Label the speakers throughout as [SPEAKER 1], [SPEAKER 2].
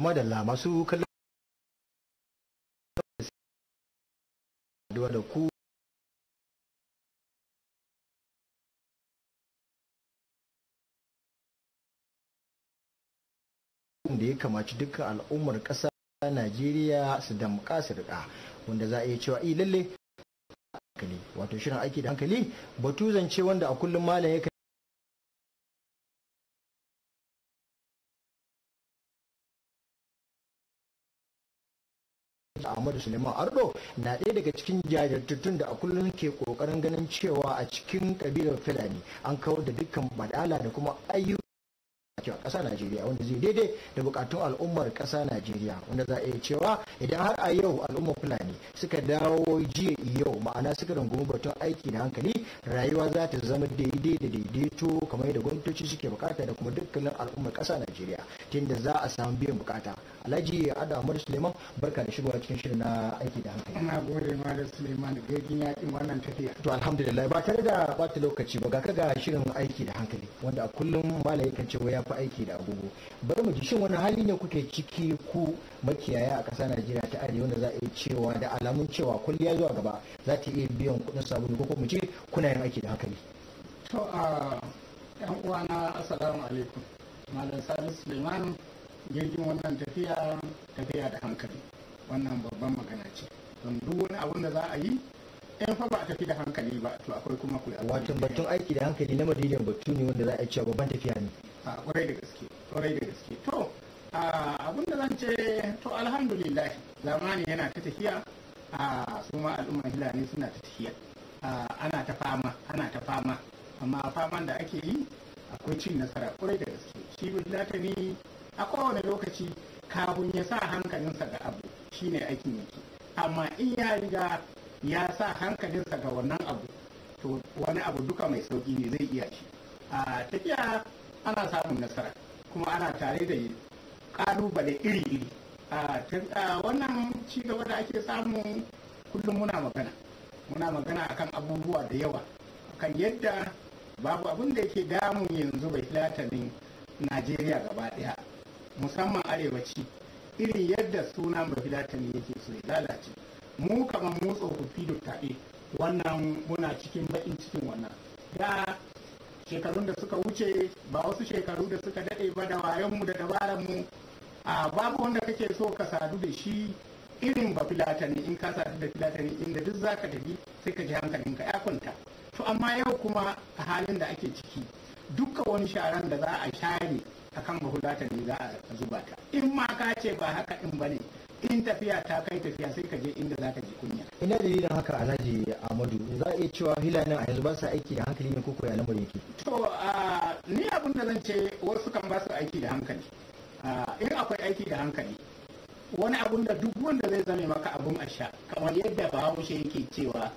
[SPEAKER 1] kuma da masu kallon da ku da ya kamaci dukkan al'ummar ƙasa Najeriya su damƙa su riƙa wanda za a iya cewa i eh, lalle wato shirin aiki da hankali batu zance wanda a kullum malam ya Ahmadu Suleiman Ardo na ɗaya daga cikin jajirtattun da a kullum ke kokarin ganin cewa a cikin kabilar Fulani
[SPEAKER 2] an kawar da dukkan badala da kuma ayyuka a ƙasa Najeriya wanda zai daidai da bukatun al'ummar kasa Najeriya wanda za a iya cewa idan har a yau al'ummar Fulani suka dawo jiya yau ma'ana suka rungumi batun aiki da hankali rayuwa za ta zama daidai da daidaito kamar yadda gwamnatoci suke bukata da kuma dukkanin al'ummar kasa Najeriya tunda za a samu biyan bukata. Alhaji Ado Suleiman barka da shigowa cikin shirin na aiki da hankali. Ina gode da Suleiman gaggin yakin wannan tafiya. To alhamdulillah ba tare da bata lokaci ba ga ga shirin aiki da hankali wanda a kullum malayi kan ce ya ku aiki da agogo bari mu ji shin wani hali ne kuke ciki ku makiyaya a ƙasa najeriya ta arewa da za a iya cewa da alamun cewa kulliya zuwa gaba za ta iya biyan kuɗin sabulu ko kuma ce kuna yin aiki da hankali to a yan uwana assalamu alaikum malam salisu suleiman jirgin wannan tafiya tafiya da hankali wannan babban magana ce don duk wani abun da za a yi in fa ba a tafi da hankali ba to akwai kuma kula wato batun aiki da hankali na madidiyar batu ne wanda za a cewa babban tafiya ne A'a, ah, kwarai da gaske kwarai da gaske to ah, abin da zan ce to alhamdulillah zamani yana ta tafiya a ah, su ma al'umman hilani suna ta tafiya ana ta fama ana ta fama amma faman da ake yi akwai cin nasara kwarai da gaske shi bilatani a kowane lokaci kafin ya sa hankalinsa ga abu shine aikin yake amma in ya riga ya sa hankalinsa ga wannan abu to wani abu duka mai sauki ne zai iya shi a tafiya ana samun nasara kuma ana tare da ƙalubale iri-iri a wannan cigaba da ake samu kullum muna magana muna magana akan abubuwa da yawa kan yadda babu abin da yake damun yanzu bai filatanin najeriya gaba daya musamman arewaci irin yadda suna bai filatani yake su ya lalace mu kamar mu tsofaffi da tabe wannan muna cikin baƙin cikin wannan da shekarun da suka wuce ba wasu shekaru da suka daɗe ba da wayonmu da dabararmu a babu wanda kake so ka sadu da shi irin ba filatani in ka sadu da filatani inda duk za ka tafi sai ka ji hankalin ka kwanta to amma yau kuma a halin da ake ciki dukkan wani sharan da za a share akan bahulatani za a zuba ta in ma ka ce ba haka din bane in tafiya ta kai tafiya sai ka je inda za ka ji kunya ina dalilin haka alhaji amadu za a iya cewa hilanin a yanzu ba su aiki da hankali ne koko ya lamar yake to ni abin da zan ce wasu kan ba su aiki da hankali in akwai aiki da hankali wani abun da duk wanda zai zame maka abun a sha kamar yadda bahaushe yake cewa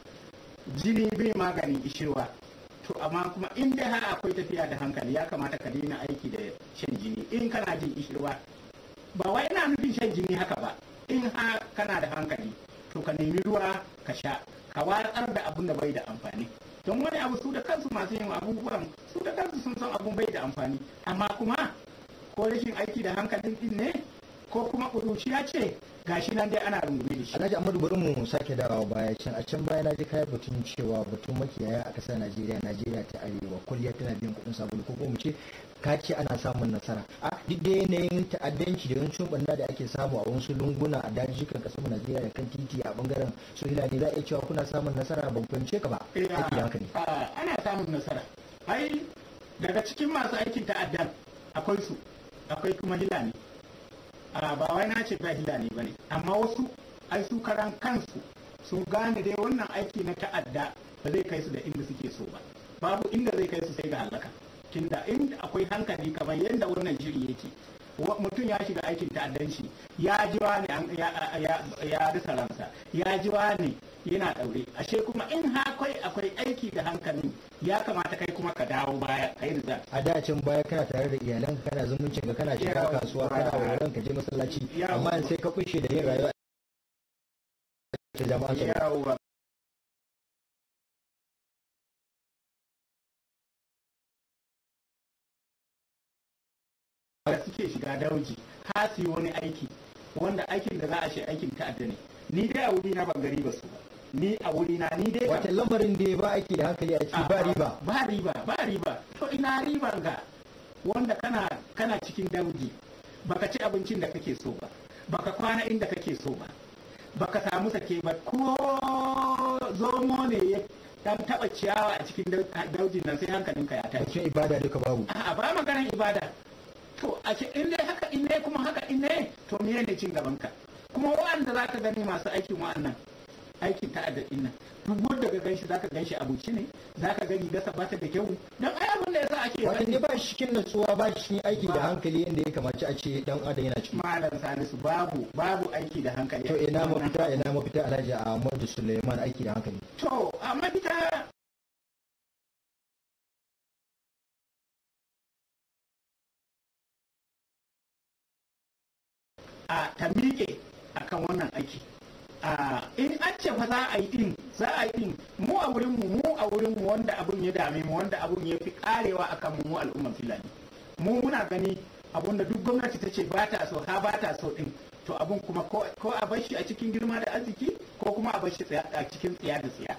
[SPEAKER 2] jini bai magani ishirwa to amma kuma in dai har akwai tafiya da hankali ya kamata ka daina aiki da shan jini in kana jin ishirwa ba wai ina nufin shan jini haka ba in ha kana da hankali to ka nemi ruwa ka sha ka watsar da abun da bai da amfani don wani abu su da kansu masu yin abubuwan su da kansu sun san abun bai da amfani amma kuma ko rashin aiki da hankalin din ne ko kuma ya ce ga shi nan dai ana rungume da shi alhaji amadu bari mu sake dawowa baya can a can baya na ji kai batun cewa batun makiyaya a ƙasar najeriya najeriya ta arewa kulliya tana biyan kuɗin sabulu ko kuma ce ka ce ana samun nasara a duk da yanayin ta'addanci da yawancin banda da ake samu a wasu lunguna a kan ƙasar najeriya da kan titi a bangaren su ne za a iya cewa kuna samun nasara ban fahimce ka ba eh, ana samun nasara ai daga cikin masu aikin ta'addan akwai su akwai kuma hilani ba wai na ce jahila ne bane amma wasu ai su karan kansu su gane dai wannan aiki na ta'adda ba zai kai su da inda suke so ba babu inda zai kai su sai ga halaka tunda in akwai hankali kamar yadda wannan jiri yake mutum ya shiga aikin ta'addanci ya ji wani ya rasa ransa ya ji wani yana daure ashe kuma in ha akwai akwai aiki da hankali ya kamata kai kuma ka dawo
[SPEAKER 1] baya kai da
[SPEAKER 2] a da can baya kana tare da iyalan kana zumuncin ka kana shiga kasuwa kana wurin
[SPEAKER 1] ka je masallaci amma sai ka kushe da yin rayuwa ta jama'a da suke shiga dauji ha su yi wani aiki wanda aikin da za a shi aikin ta'adda ne ni dai a wuri na ban gari ba su
[SPEAKER 2] ba ni a wuri na ni dai wata lamarin da ba ake da hankali a ciki ba riba ba riba ba riba to ina riban ga wanda kana kana cikin dauji baka ci abincin da kake so ba baka kwana inda kake so ba baka samu sake ba ko zomo ne ya dan taba ciyawa a cikin daujin nan sai hankalin ka ya tashi ibada duka babu a'a ba maganar ibada to a ce in dai haka in ne kuma haka in ne to me ne cin gaban ka kuma wa'anda ka gani masu aikin wa'annan aikin ta din nan duk wanda ka ganshi zaka ganshi a buci ne zaka gani gasa ba ta da kyau dan ai abin da yasa ake wani ne ba shi cikin natsuwa ba shi aiki da hankali inda ya kamaci a ce dan adam yana cikin
[SPEAKER 1] malam salisu babu babu aiki da hankali to ina mafita ina mafita alhaji Ahmadu Suleiman aiki da hankali to a mafita a ta miƙe akan wannan aiki Ah. in an ce fa za
[SPEAKER 2] a yi din za a yi din mu a wurin mu mu a wurin mu wanda abun ya dame mu wanda abun ya fi karewa akan mu mu al'umman filani mu muna gani abun da duk gwamnati ta ce bata ta so ha ba so din to abun kuma ko a bar shi a cikin girma da arziki ko kuma a bar shi a cikin tsiya da tsiya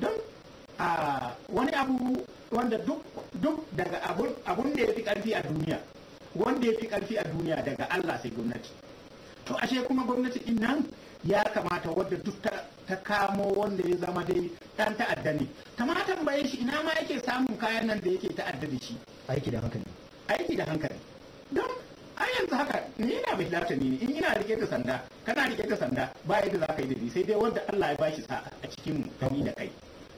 [SPEAKER 2] don a ah, wani abu wanda duk daga abun da ya fi karfi a duniya wanda ya fi karfi a duniya daga Allah sai gwamnati to ashe kuma gwamnati din nan ya kamata wadda duk ta kamo wanda ya zama dai dan ta'adda ne ma tambaye shi ina ma yake samun kayan nan da yake ta'adda da shi aiki da hankali aiki da hankali don a yanzu haka ni ina mai ni ne in ina rike da sanda kana rike da sanda ba yadda za ka yi da ni sai dai wanda Allah ya bashi sa a cikin mu da kai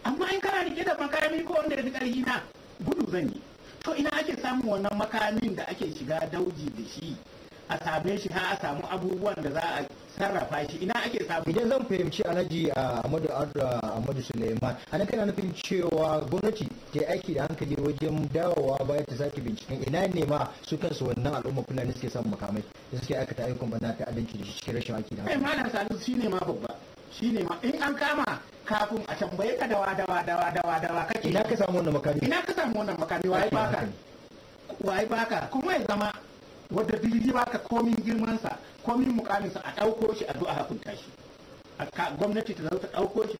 [SPEAKER 2] amma in kana rike da makami ko wanda ya fi karfi na gudu zan yi to ina ake samun wannan makamin da ake shiga dauji da shi a same shi har a samu abubuwan da za a sarrafa shi ina ake samu idan zan fahimci alhaji amadu amadu suleiman a nan kana nufin cewa gwamnati ta aiki da hankali wajen dawowa baya ta sake binciken ina ne ma su kansu wannan al'umma ne suke samun makamai da suke aikata ayyukan bana ta adalci da cikin rashin aiki da hankali. kai malam salisu ne ma babba Shi ne ma in an kama kafin a tambaye ka dawa dawa dawa dawa dawa kake ina ka samu wannan makami ina ka samu wannan makami waye baka waye baka kuma ya zama wadda biliji ba ka komin
[SPEAKER 1] girmansa komin mukaminsa a ɗauko shi a zo a hakunta shi gwamnati ta zauta dauko ɗauko shi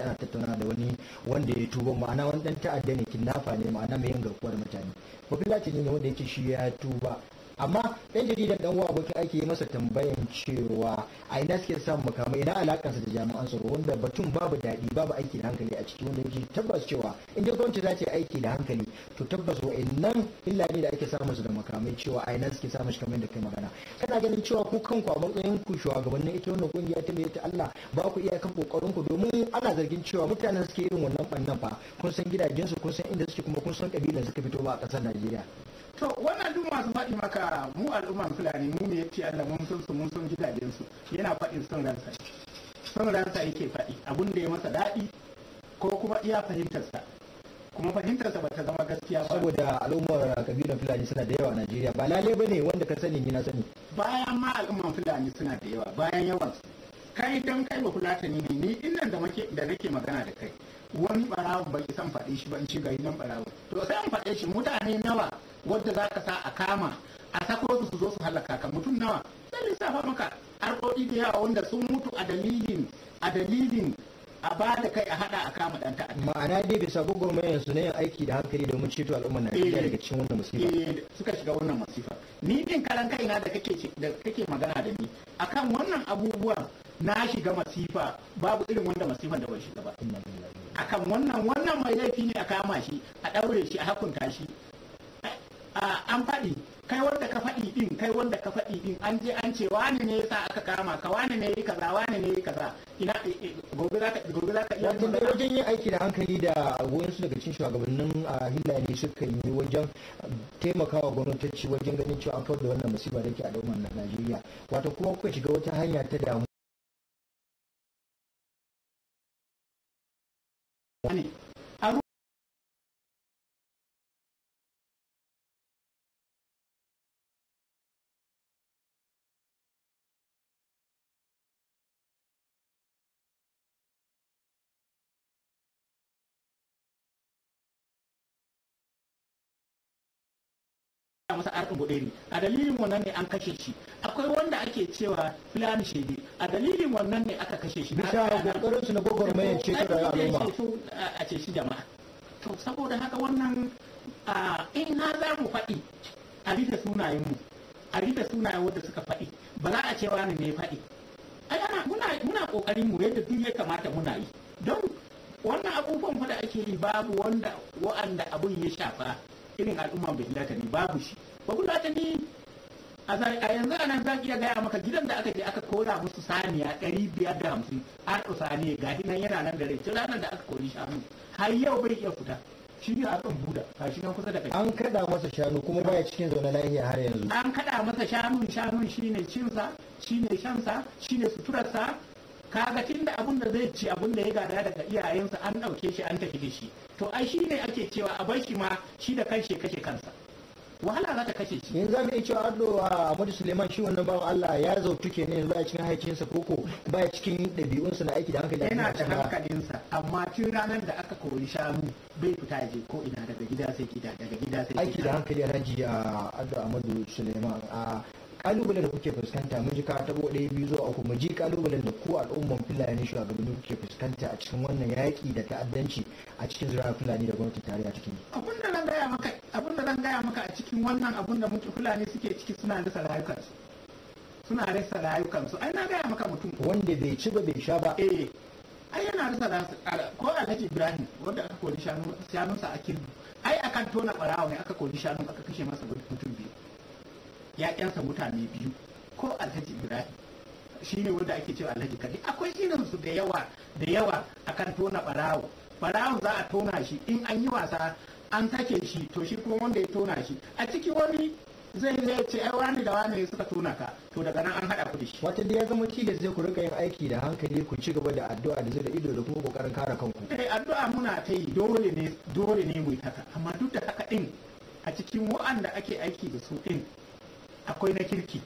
[SPEAKER 1] ana tattauna da wani wanda ya tuba ma'ana wani dan ta'adda ne kidnapper ne ma'ana mai yin garkuwar mutane bafilaci ne wanda yake
[SPEAKER 2] shi ya tuba amma ɗan jaridan dan uwa abokin aiki masa tambayan cewa a ina suke samun makamai ina alakansa da jami'an tsaro wanda batun babu daɗi babu aiki da hankali a ciki wanda yake tabbas cewa in dai gwamnati za ta yi aiki da hankali to tabbas wa'annan illa ne da ake samun su da makamai cewa a ina suke samun shi kamar da kai magana kana ganin cewa ku kanku a matsayin ku shugabannin ita wannan kungiya ta mai ta Allah ba ku kan kokarin ku domin ana zargin cewa mutanen suke irin wannan bannan fa kun san gidajensu kun san inda suke kuma kun san kabilan suka fito ba a ƙasar Najeriya to wannan duk masu faɗi maka mu al'umman fulani mu ne ce Allah mun san su mun san gidajen su yana faɗin son ransa son ransa yake faɗi abun da ya masa daɗi ko kuma iya fahimtarsa kuma fahimtarsa ba ta zama gaskiya ba saboda al'ummar kabilan fulani suna da yawa a Najeriya ba lalle bane wanda ka sani ni na sani bayan ma al'umman fulani suna da yawa bayan yawan su kai dan kai ba fulatani ne ni in nan da muke nake magana da kai wani barawon bai san faɗi shi ba in ci gari nan barawon to sai an faɗe shi mutane nawa wadda za ka sa a kama a sako su zo su halaka ka mutum nawa zan safa maka harkoki da yawa wanda sun mutu a dalilin a dalilin a ba da kai a hada a kama dan ta'adda ma'ana dai bisa gwagwarmayar su na yin aiki da hankali domin ceto al'umma na iya daga cikin wannan musifa eh, eh, suka shiga wannan musifa ni din karan na da kake da kake magana da ni akan wannan abubuwa na shiga masifa babu irin wanda masifan da ban shiga ba akan wannan wannan mai laifi ne a kama shi a daure shi a hakunta shi an faɗi kai wanda ka faɗi din kai wanda ka faɗi din an je an ce wani ne yasa aka kama ka wani ne yi kaza wani ne yi kaza ina e, e, gobe za ka gobe za ka iya da wajen yin aiki da hankali da su daga cikin shugabannin Hillary suka yi wajen taimakawa gwamnatoci
[SPEAKER 1] wajen ganin cewa an kawar da wannan musiba da ke a dauman Najeriya wato kuma kuka shiga wata hanya ta damu wata arkan ne a dalilin wannan ne an kashe shi akwai wanda ake cewa fulani shege
[SPEAKER 2] a dalilin wannan ne aka kashe shi bisa kokarin su na gwagwarmayar ceto da al'umma a ce shi jama'a to saboda haka wannan in ha za mu faɗi a rike sunayen mu a rike sunayen wanda suka faɗi ba za a ce wani ne faɗi ai ana muna muna kokarin mu yadda duk ya kamata muna yi don wannan abubuwan fa da ake yi babu wanda wa'anda abun ya shafa irin al'umman ni babu shi latani, a yanzu a nan zan iya gaya maka gidan da aka je aka kora musu saniya ɗari biyar da hamsin arɗo saniya ga nan yana nan da rai tun ranar da aka kori shanu har yau bai iya fita shi ne kan buda kashi nan kusa da kai an kada masa shanu kuma baya cikin zaune lafiya har yanzu an kada masa shanun shanu shine cinsa shine shansa shine suturarsa kaga tun da abun da zai ci abun da ya gada daga iyayensa an ɗauke shi an tafi da shi to ai shi ne ake cewa a bar shi ma shi da kanshi kashe kansa wahala za ta kashe shi yanzu za mu iya cewa ado a Ahmadu Suleiman shi wannan bawan Allah ya zautu ke ne yanzu a cikin ko koko baya cikin ɗabi'unsa na aiki da hankali yana da hankalinsa amma tun ranar da aka kori shanu bai fita je ko ina daga gida sai gida daga gida sai aiki da hankali alhaji a ah, ado Ahmadu Suleiman a ah, kalubalen da kuke fuskanta mu ji ka tabo ɗaya biyu zuwa uku mu ji kalubalen da ku al'umman fulani shugabanni kuke fuskanta a cikin wannan yaƙi da ta'addanci a cikin zuwa fulani da gwamnati tare a cikin abin da zan gaya maka abin da zan gaya maka a cikin wannan abin da muke fulani suke ciki suna rasa rayukansu suna rasa rayukansu ai na gaya maka mutum wanda bai ci ba bai sha ba eh ai yana rasa rayukansu ko alhaji ibrahim wanda aka kori shanunsa a kirbi ai akan tona barawa ne aka kori shanu aka kashe masa mutum biyu Ƴaƴansa mutane biyu ko alhaji ibrahim shi ne wanda ake cewa alhaji kadi akwai su da yawa da yawa akan tona ɓarawo ɓarawo za a tona shi in an yi wasa an sake shi to shi kuma wanda ya tona shi a ciki wani zai zai ce ai wani da wani suka tona ka to daga nan an haɗa ku da shi wata da ya zama tilas zai ku rika yin aiki da hankali ku ci gaba da addu'a da zai ido da kuma kokarin kare kanku eh addu'a muna ta yi dole ne dole ne mu haka amma duk da haka din a cikin wa'anda ake aiki da su din akwai na kirki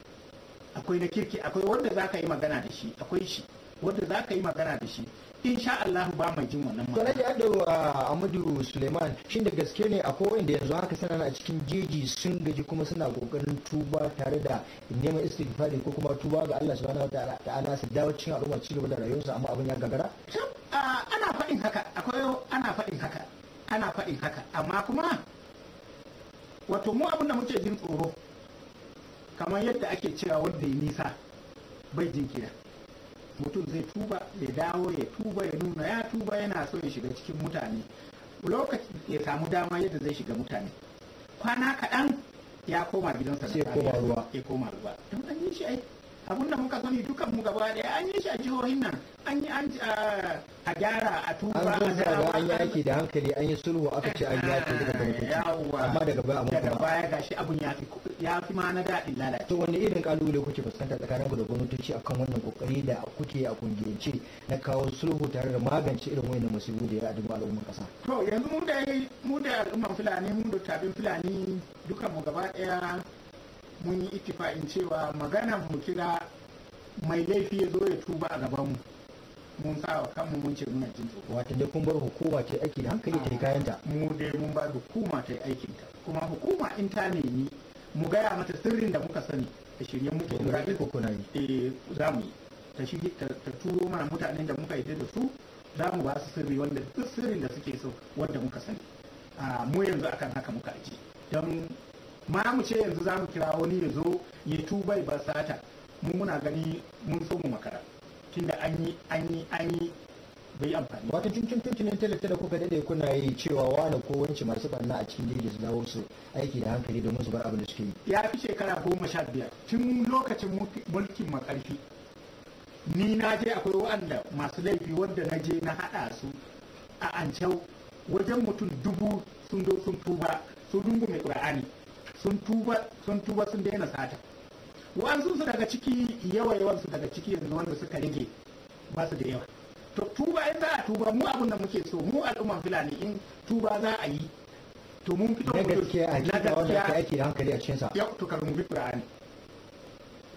[SPEAKER 2] akwai na kirki akwai wanda za ka yi magana da shi akwai shi wanda za ka yi magana da shi insha Allah ba mai jin wannan magana. Alhaji Ado Amadu ah, Suleiman shin da gaske ne akwai wanda yanzu haka suna a cikin jeji sun gaji kuma suna kokarin tuba tare da neman istighfari ko kuma tuba ga Allah subhanahu wataala su dawo cikin al'umma ci gaba da rayuwarsa amma abin ya gagara. Ah, ana faɗin haka akwai ana faɗin haka ana faɗin haka amma kuma wato mu abin da muke jin tsoro kamar yadda ake cewa wanda ya nisa bai jinkira mutum zai tuba ya dawo ya tuba ya nuna ya tuba yana so ya shiga cikin mutane lokaci ya samu dama yadda zai shiga mutane kwana kaɗan ya koma gidansa da ya koma ruwa ya koma ruwa don an yi shi ai abun muka sani dukan mu gaba daya an yi shi a jihohin nan an yi an a gyara a tuba an zo da an aiki da hankali an yi sulhu aka ce an aiki daga bankin amma daga baya amma daga baya shi abun ya fi ma na daɗin lalace to wani irin kalubale kuke fuskanta tsakanin ku da gwamnatoci akan wannan kokari da kuke a kungiyance na kawo sulhu tare da magance irin wani musibu da ya adabu al'ummar kasa to yanzu mu da mu da al'ummar fulani mu da tabin fulani dukan mu gaba daya mun yi itifa'in cewa magana mu kira mai laifi ya zo ya tuba a gaban mu mun sa wa kanmu mun ce muna jin tsoro wata dai kun bar hukuma ta aiki da hankali ta kayan ta mu dai mun bar hukuma ta aikin ta kuma hukuma in ta nemi mu gaya mata sirrin da muka sani ta shirye muke da rabi ko kuna yi eh za mu yi ta shi ta turo mana mutanen da muka yi da su za mu ba su sirri wanda duk sirrin da suke so wanda muka sani a ah, mu yanzu akan haka muka aji don ma mu ce yanzu za mu kira wani ya zo ya tuba ya basata mu muna gani mun so mu makara tunda an yi an yi an yi bai amfani wato tuntun tuntunin talata da kuka dade kuna yi cewa wani ko wance masu banna a cikin jirgin zuwa wasu aiki da hankali da su bar abin da suke yi ya fi shekara goma sha biyar tun lokacin mulkin makarfi ni na je akwai wa'anda masu laifi wanda na je na haɗa su a ancau wajen mutum dubu sun zo sun tuba sun rungume ƙura'ani. sun tuba sun tuba sun daina sata wasu su daga ciki yawa yawan su daga ciki yanzu wanda suka rage ba su da yawa to tuba in za a tuba mu abin da muke so mu al'umman filani in tuba za a yi to mun fito na gaske a wanda ka ake hankali a cikin sa yau to ka rungumi qur'ani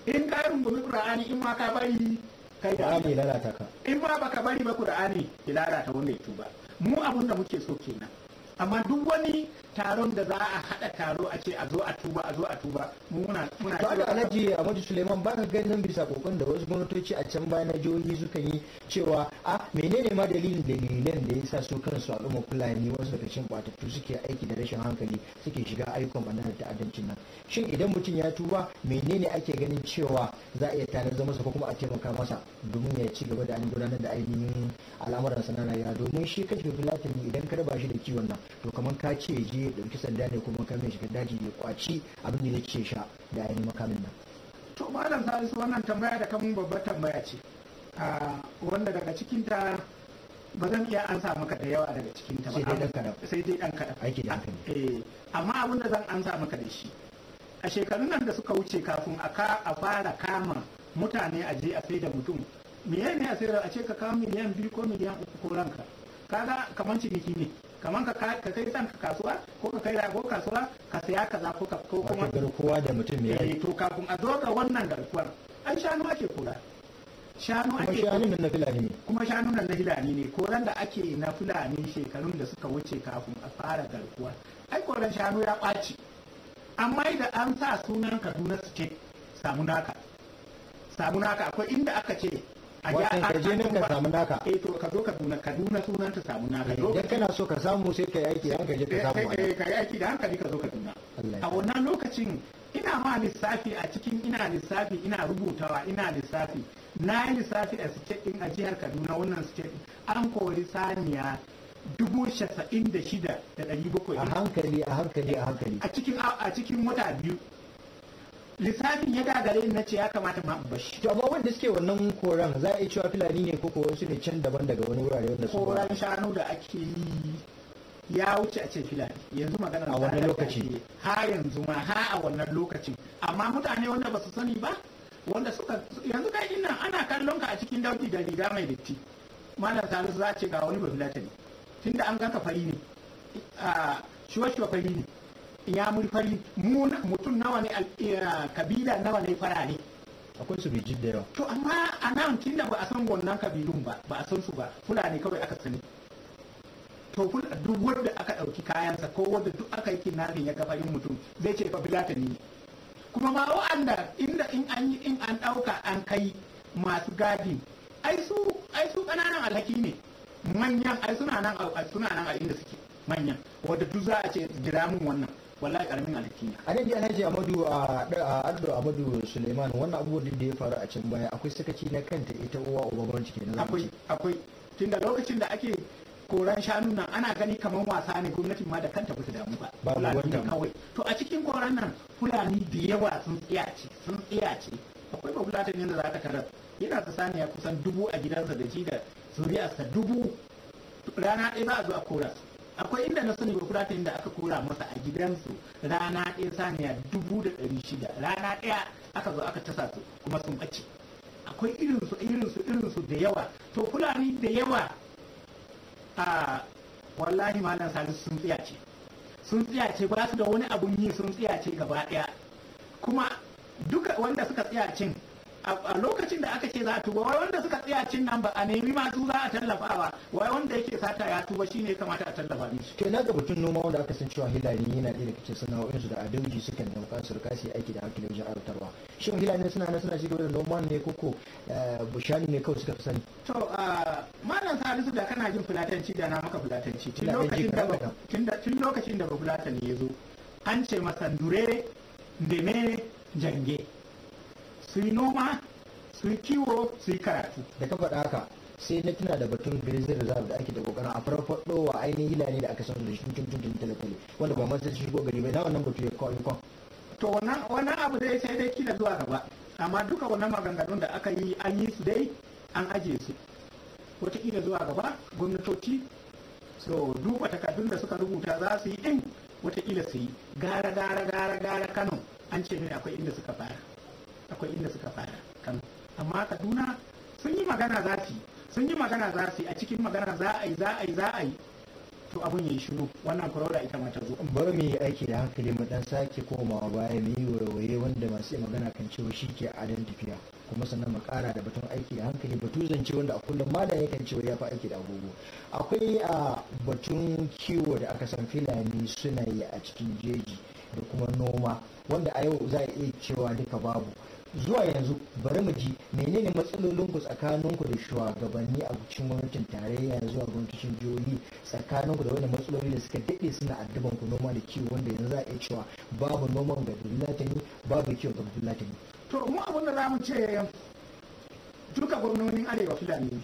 [SPEAKER 2] in ka rungumi qur'ani in ma ka bari kai da ani lalata ka in ma baka bari ba qur'ani ki lalata wanda ya tuba mu abin da muke so kenan amma duk wani taron da za a haɗa taro a ce a zo a tuba a zo a tuba muna muna to da alhaji Ahmadu Suleiman ba ka ganin bisa kokon da wasu gwamnatoci a can baya na jihohi suka yi cewa a menene ma dalilin da dalilan da yasa su kansu al'umma Fulani wasu daga cikin kwatattu suke aiki da rashin hankali suke shiga ayyukan bandar ta'addancin nan shin idan mutum ya tuba menene ake ganin cewa za a iya tanar masa ko kuma a taimaka masa domin ya ci gaba da an gudanar da ainihin al'amuran na ya domin shi kashe filatini idan ka raba shi da kiwon nan to kamar ka ce je ɗauki sanda ne kuma kamin shiga daji ya kwaci abin da ce sha da ainihin makamin nan to malam salisu wannan tambaya da kamun babbar tambaya ce ah, wanda daga cikin ta ba zan iya ansa maka da yawa daga cikin ta ba sai dai dan kaɗan aiki da hankali eh, amma abin da zan ansa maka da shi a shekarun nan da suka wuce kafin a fara kama mutane a je a sai da mutum me ne a sayar a ce ka kawo miliyan biyu ko miliyan uku ko ranka kaga kamar ciniki ne kamar ka kai san ka kasuwa ko ka kai rago kasuwa ka saya za ko ka ko kuma garkuwa da mutum ya yi eh, to kafin a zo ka wannan garkuwar an shanu ake kura shanu ake shanu nan na fulani ne kuma shanu nan na fulani ne koran da ake na fulani shekarun da suka wuce kafin a fara garkuwa ai koran shanu ya ɓaci amma da an sa sunan kaduna su ce samu naka samu naka akwai inda aka ce wasan ka je nan ka samu naka eh to ka zo Kaduna Kaduna sunan ta samu naka eh, idan kana so ka samu sai ka yi aiki da hankali ka eh, samu eh, eh ka yi aiki da hankali ka zo ka Kaduna a wannan lokacin ina ma lissafi a cikin ina lissafi ina rubutawa ina lissafi na yi lissafi a state din a jihar Kaduna wannan state an kori saniya dubu shasa'in da shida da ɗari bakwai a hankali a hankali a hankali a cikin wata biyu lissafin ya gagare na ce ya kamata ma in bashi to abubuwan da suke wannan koran za a iya cewa filani ne ko wasu ne can daban daga wani wurare wanda su koran shanu da ake yi ya wuce a ce filani yanzu magana a wannan lokaci ha yanzu ma ha a wannan lokacin amma mutane wanda ba su sani ba wanda suka yanzu kai nan ana kallon ka a cikin dauki da riga mai datti malam salisu za a ce ga wani bafilata ne tunda an ganka fari ne a ah, shuwa-shuwa fari ne ya muri fari mutum nawa ne kabila nawa ne farare akwai su biji da yawa to amma a nan da ba a san wannan kabilun ba ba a san su ba fulani kawai aka sani to duk wanda aka ɗauki kayansa ko wanda duk aka yi kinafin ya gafarin mutum zai ce fa ta ne kuma ma wa'anda inda in an yi in an ɗauka an kai masu gadi ai su ai su ƙananan alhaki ne manyan ai suna nan a inda suke manyan wanda duk za a ce jira mun wannan wallahi karamin alhaki a nan alhaji amadu a addo amadu suleiman wannan abubuwan da ya faru a can baya akwai sakaci na kanta ita uwa uba barci kenan akwai akwai tunda lokacin da ake koran shanu nan ana gani kamar wasa ne gwamnatin ma da kanta ba su damu ba fulani ne kawai to a cikin koran nan fulani da yawa sun tsiyace sun tsiyace akwai ba fulatan yadda za ka tarar yana ta saniya kusan dubu a gidansa da shi da zuriyarsa dubu rana ɗaya za a zo a kora su akwai inda na sani ba inda aka kora masa a gidansu rana ɗaya saniya dubu da ɗari shida rana ɗaya aka zo aka tasa su kuma sun ɓace akwai irinsu irinsu irinsu da yawa to fulani da yawa a wallahi malam salisu sun tsiyace sun tsiyace ba su da wani abun yi sun tsiyace gaba ɗaya kuma duka wanda suka tsiyacin a lokacin da aka ce za a tuba wai wanda suka tsaya cin nan ba a nemi masu za a tallafa ba wai wanda yake sata ya tuba shine ya kamata a tallafa mishi to ina ga batun noma wanda aka san cewa hilani yana da cikin sana'o'in su da adauji suke suka da wuka su rika su aiki da hankali wajen aratarwa shin hilani suna nan suna shiga da noma ne ko ko eh, bushani ne kawai suka fi sani to malam salisu da kana jin fulatanci da na maka fulatanci tun lokacin da tun lokacin da ba fulatanci ya zo an ce masa dure ndeme jange su yi noma su yi kiwo su yi karatu da ka faɗa haka sai na tuna da batun grazing reserve da ake da kokarin a farfaɗo wa ainihin hilani da aka san da shi tun tun tun wanda ba ma sai shigo gari bai na wannan batu ya kawai kwan to wannan abu dai sai dai kila zuwa gaba amma duka wannan maganganun da aka yi an yi su dai an aje su wataƙila zuwa gaba gwamnatoci so duba takardun da suka rubuta za su yi ɗin wataƙila su yi gara gara gara gara kano an ce mai akwai inda suka fara akwai inda suka fara kan amma kaduna sun yi magana za su sun yi magana za su a cikin magana za a yi za a yi za a yi to abun ya yi shiru wannan kuroda ita mata zo bari mu yi aiki da hankali mu dan sake komawa baya mu yi warware wanda masu magana kan cewa shi ke adan tafiya kuma sannan mu kara da batun aiki da hankali batu zance wanda a kullum malam yakan cewa ya fi aiki da agogo akwai a batun kiwo da aka san filani suna yi a cikin jeji da kuma noma wanda a yau za a iya cewa duka babu zuwa yanzu bari mu ji menene matsalolin ku tsakanin ku da shugabanni a cikin gwamnatin tarayya zuwa gwamnatin jihohi tsakanin ku da wani matsaloli da suka daɗe suna addaban ku noma da kiwo wanda yanzu za a iya cewa babu noman ga Abdullahi babu kiwo ga Abdullahi to mu abun da zamu ce duka gwamnonin arewa Fulani ne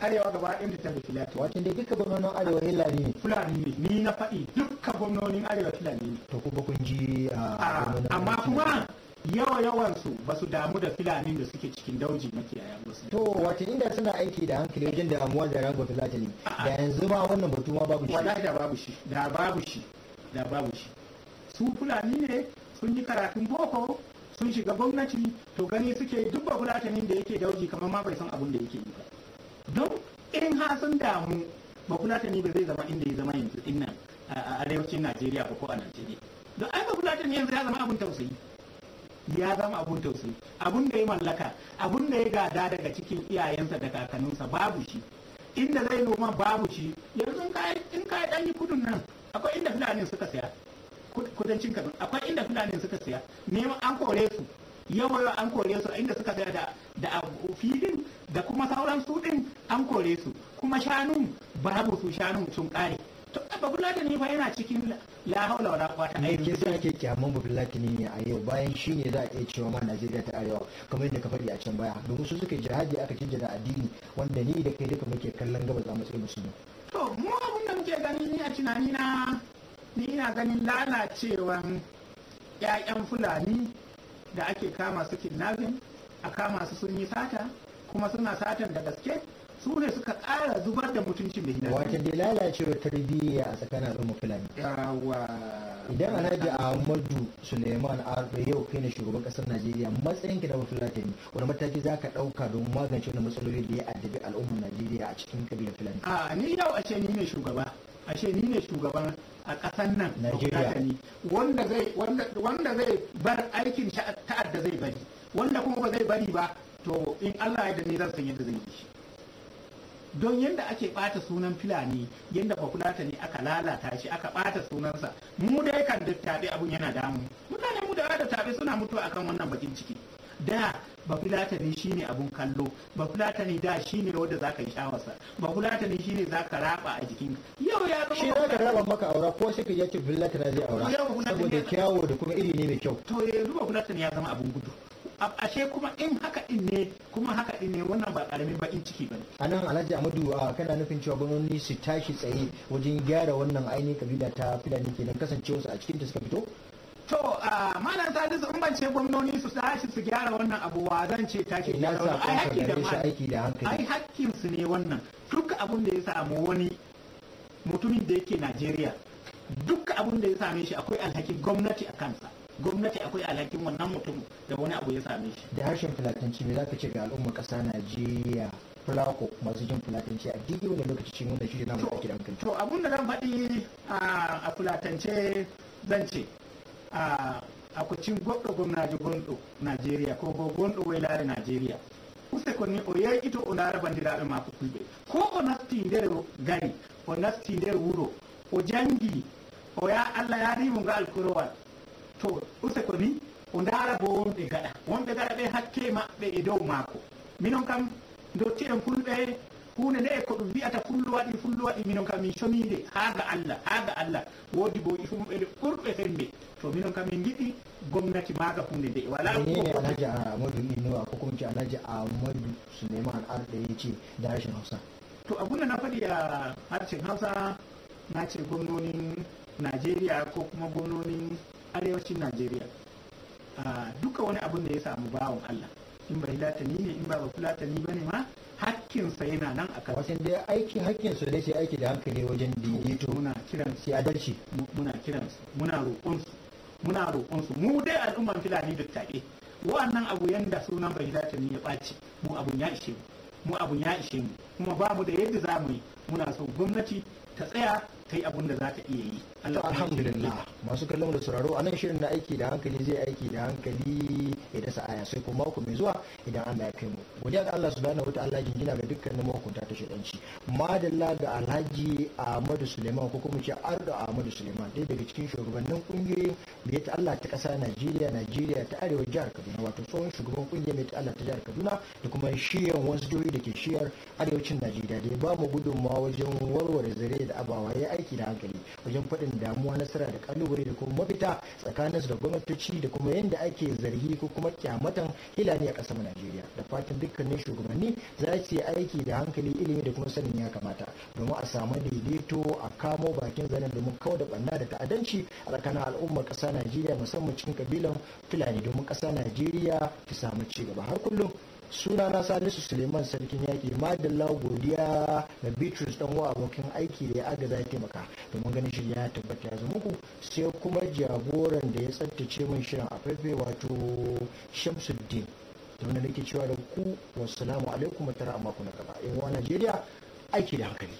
[SPEAKER 2] arewa gaba ɗin da tafi Fulani wato dai duka gwamnonin arewa Fulani ne Fulani ne ni na faɗi duka gwamnonin arewa Fulani ne to kuma kun ji ah, ah, amma kuma yawa yawansu su ba su damu da filanin da suke cikin dauji makiyaya ba su to wato inda suna aiki da hankali wajen damuwa da rango filatali da yanzu ma wannan batu ma babu shi wallahi da babu shi da babu shi da babu shi su fulani ne sun yi karatun boko sun shiga gwamnati to gani suke duk fulatanin da yake dauji kamar ma bai san abun da yake yi ba don in ha sun damu ba fulatani ba zai zama inda ya zama yanzu din a arewacin Najeriya ba ko a Najeriya don ai ba fulatani yanzu ya zama abin tausayi ya zama abun tausayi abun da ya mallaka abun da ya gada daga cikin iyayensa da kakanninsa babu shi inda zai noma babu shi yanzu in ka yi yi kudin nan akwai inda fulani suka saya kudancin kano akwai inda fulani suka saya neman an kore su yawa an kore su inda suka saya da da filin da kuma sauran su din an kore su kuma shanun babu su shanun sun kare to ba fa yana cikin la haula wala quwata ai ke sa ake kyaman ba fulatani ne a yau bayan shi ne za a iya cewa ma Najeriya ta arewa kamar yadda ka faɗi a can baya domin su suka jihadi aka canja da addini wanda ni da kai duka muke kallon gaba za mu tsaye musulmi to mu abin da muke gani ni a tunani na ni ina ganin lalacewan ƴaƴan fulani da ake kama su kidnapping a kama su sun yi sata kuma suna satan da gaske su ne suka ƙara zubar da mutuncin mai gida wata da lalacewa tarbiyya a tsakanin al'umma fulani yawa idan a ahmadu suleiman ardo yau kai ne shugaban ƙasar najeriya matsayin ki da fulatani wani mataki za ka ɗauka don magance wani matsaloli da ya addabi al'ummar najeriya a cikin kabila fulani a ni yau a ce ni ne shugaba ce ni ne shugaban a ƙasar nan Najeriya wanda zai wanda zai bar aikin ta'adda zai bari wanda kuma ba zai bari ba to in Allah ya da ni zan san yadda zai yi shi don yadda ake bata sunan filani, yadda bakulata ne aka lalata shi aka bata sunansa mu dai kan da tabe abun yana damu mutane mu da da tabe suna mutuwa akan wannan bakin ciki da bafulata ne shine abun kallo bafulata ne da shine wanda zaka yi shawarsa bafulata ne shine zaka raba a jikin yau ya zama shi zaka raba maka aura ko shi ka yace bilata na zai aura saboda kyawo da kuma iri ne mai kyau to yanzu bafulata ne ya zama abin gudu ashe kuma in haka din ne kuma haka din ne wannan ba karamin bakin ciki bane a nan alhaji amadu kana nufin cewa gwamnati su tashi tsaye wajen gyara wannan ainihin kabila ta fulani kenan kasancewarsu a cikin ta suka fito To a malam Salisu in bance gwamnati su tashi su gyara wannan abu wa zan ce tashi gyara wannan ai da ma ai hakkin su ne wannan duk abun da ya samu wani mutumin da yake Najeriya duk abun da ya same shi akwai alhakin gwamnati a kansa. gwamnati akwai alhakin wannan mutum da wani abu ya same shi da harshen filatanci me zaka ce ga al'ummar kasa Najeriya fulako masu jin fulatanci a duk wani lokaci shi wannan shi na mutum kiran kai to abun da zan faɗi a fulatance zan ce a kucin goɗɗo gwamnati gonɗo Najeriya ko gonɗo wai lare Najeriya ni o ito o ndaara da mafi kulbe ko o nasti nder gari o nasti nder wuro o jangi o ya allah yaarimo nga alkorowal to usta ko ni o ndara bo wonɓe gaɗa wonɓe gaɗa ɓe hakke maɓɓe e dow maako minon kam dotti en fulɓe hunde nde e ko ɗum wiyata fullu waɗi fullu waɗi minon kam min comide haa allah haa ga allah woodi bo i e fum ɓeɗe ɓurɓe sembe to minon kam min giɗi gomnati maga hunde nde wala ne alhaji amadou innowa ko komci alhaji amadou souleiman arɗe yeci da hausa to abunda na faɗi a harshen hausa na ce gwamnonin ko kuma gwamnonin arewacin najeriya ah, duka wani abin da ya samu bawan allah in ba hilatani ne in ba ba fulatani ba ne ma hakkinsa yana nan a kan wasan da aiki sa ne sai aiki da hankali wajen daidaito muna kiran sai adalci muna kiran muna roƙon su muna roƙon su mu dai al'umman filani da tabe wannan abu yanda sunan bai hilatani ya ɓaci mu abun ya ishe mu abun ya ishe mu kuma babu da yadda za mu yi muna so gwamnati ta tsaya kai abun da za ka iya yi alhamdulillah masu kallon da sauraro a nan shirin na aiki da hankali zai aiki da hankali ya dasa aya sai kuma mako mai zuwa idan Allah ya kai mu godiya ga Allah subhanahu wataala jingina ga dukkanin mahukunta ta shidanci madalla ga Alhaji Ahmadu Suleiman ko kuma ce Ardo Ahmadu Suleiman dai daga cikin shugabannin kungiyoyin mai ta Allah ta kasa Najeriya Najeriya ta arewa jihar Kaduna wato tsohon shugaban kungiyar mai ta Allah ta jihar Kaduna da kuma shiyan wasu jihohi da ke shiyar arewacin Najeriya da ba mu gudunmawa wajen warware zare da abawa ya aiki da hankali wajen faɗin damuwa nasara da kalubale da kuma mafita tsakaninsu da gwamnatoci da kuma yadda ake zargi ko kuma kyamatan hilani a ƙasar najeriya da fatan dukkanin shugabanni za su yi aiki da hankali ilimi da kuma sanin ya kamata domin a samu daidaito a kamo bakin zanen domin kawar da banna da ta'addanci a tsakanin al'ummar ƙasa najeriya musamman cikin kabilan fulani domin ƙasa najeriya ta samu cigaba har kullum suna na salisu suleiman sarkin yaƙi madalla godiya da bitrus dan wa abokin aiki da ya agaza ya taimaka domin ganin shi ya tabbata ya zama ku sai kuma jagoran da ya tsaftace min shirin a faifai wato shamsuddin domin nake cewa da ku wassalamu alaikum tara a mako na gaba yan wa najeriya aiki da hankali